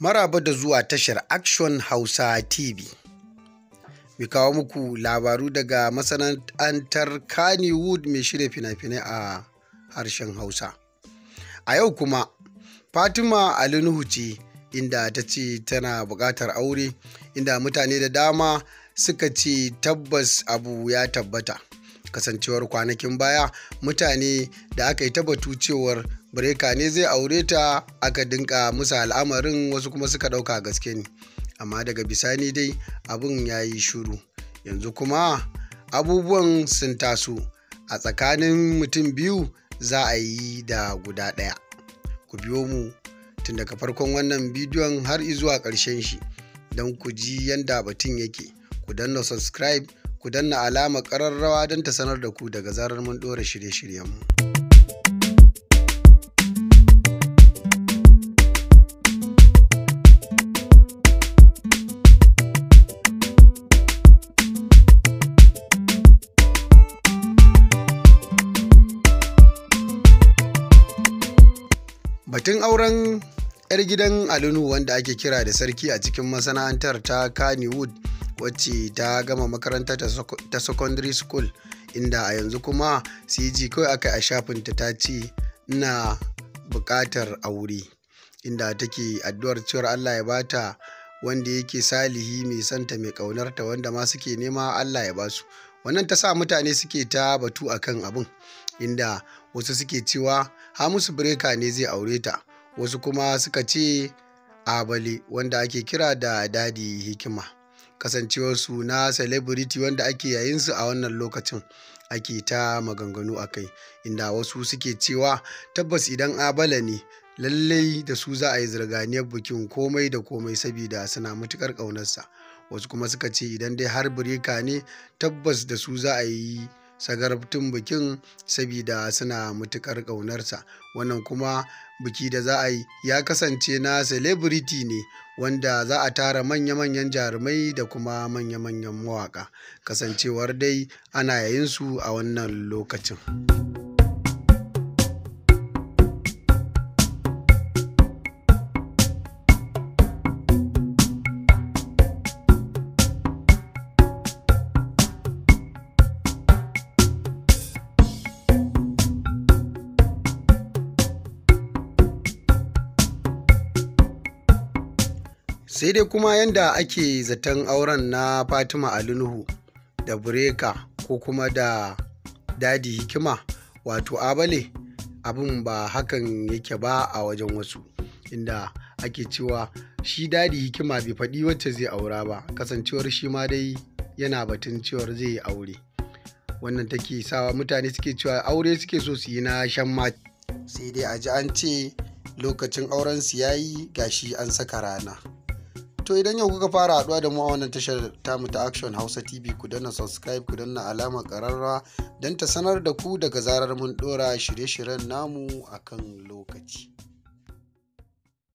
Maraba da zuwa tashar Action Hausa TV. Mai kawo muku labaru daga masana'antar Kannywood mai shirya fina-finai a harshen Hausa. A yau kuma, Fatima Ali Nuhu ce inda ta ce tana buƙatar aure, inda mutane da dama suka ce tabbas abu ya tabbata. Kasancewar kwanakin baya mutane da aka yi ta cewar Bireka ne zai aure ta aka dinka musu al'amarin wasu kuma suka ɗauka gaske ne. Amma daga bisani dai abun ya yi shuru. Yanzu kuma abubuwan sun taso a tsakanin mutum biyu za a yi da guda ɗaya. Ku biyo mu tun daga farkon wannan bidiyon har zuwa ƙarshen shi don ku ji yadda batun yake. Ku danna subscribe, ku danna alama ƙararrawa don ta sanar da ku daga zarar mun ɗora shirye-shiryenmu. Batun auren 'yar gidan Alinu wanda ake kira da sarki a cikin masana'antar ta Kannywood wacce ta gama makaranta ta secondary school inda a yanzu kuma CG kawai aka a shafinta ta ce na bukatar aure inda take addu'ar cewar Allah ya bata wanda yake salihi mai santa mai ƙaunarta wanda ma suke nema Allah ya basu wannan ta sa mutane suke ta batu akan abin inda wasu suke cewa hamisu breka ne zai aure ta wasu kuma suka ce abale wanda ake kira da dadi hikima su na celebrity wanda ake yayin su a wannan lokacin ake ta maganganu a kai inda wasu suke cewa tabbas idan abala ne lallai da su za a yi zirganiyar bikin komai da komai saboda suna matukar ƙaunarsa wasu kuma suka ce idan dai har birika ne tabbas da su za a yi sagarabtun bikin sabida suna matukar ƙaunarsa wannan kuma biki da za a yi ya kasance na celebrity ne wanda za a tara manya-manyan jarumai da kuma manya-manyan mawaka kasancewar dai ana yayin su a wannan lokacin. sai dai kuma yadda ake zaton auren na fatima alinuhu da bureka ko kuma da dadi hikima wato abale abin ba hakan yake ba a wajen wasu inda ake cewa shi dadi hikima bai faɗi wacce zai aura ba kasancewar shi ma dai yana batun cewar zai aure wannan take sawa mutane suke cewa aure suke so su yi na shan ma sai dai a ji an ce lokacin auren su yayi gashi an saka rana to idan yau kuka fara haduwa da mu a wannan tashar tamu ta action hausa tv ku danna subscribe ku danna alamar kararra don ta sanar da ku daga zarar mun ɗora shirye-shiryen namu akan lokaci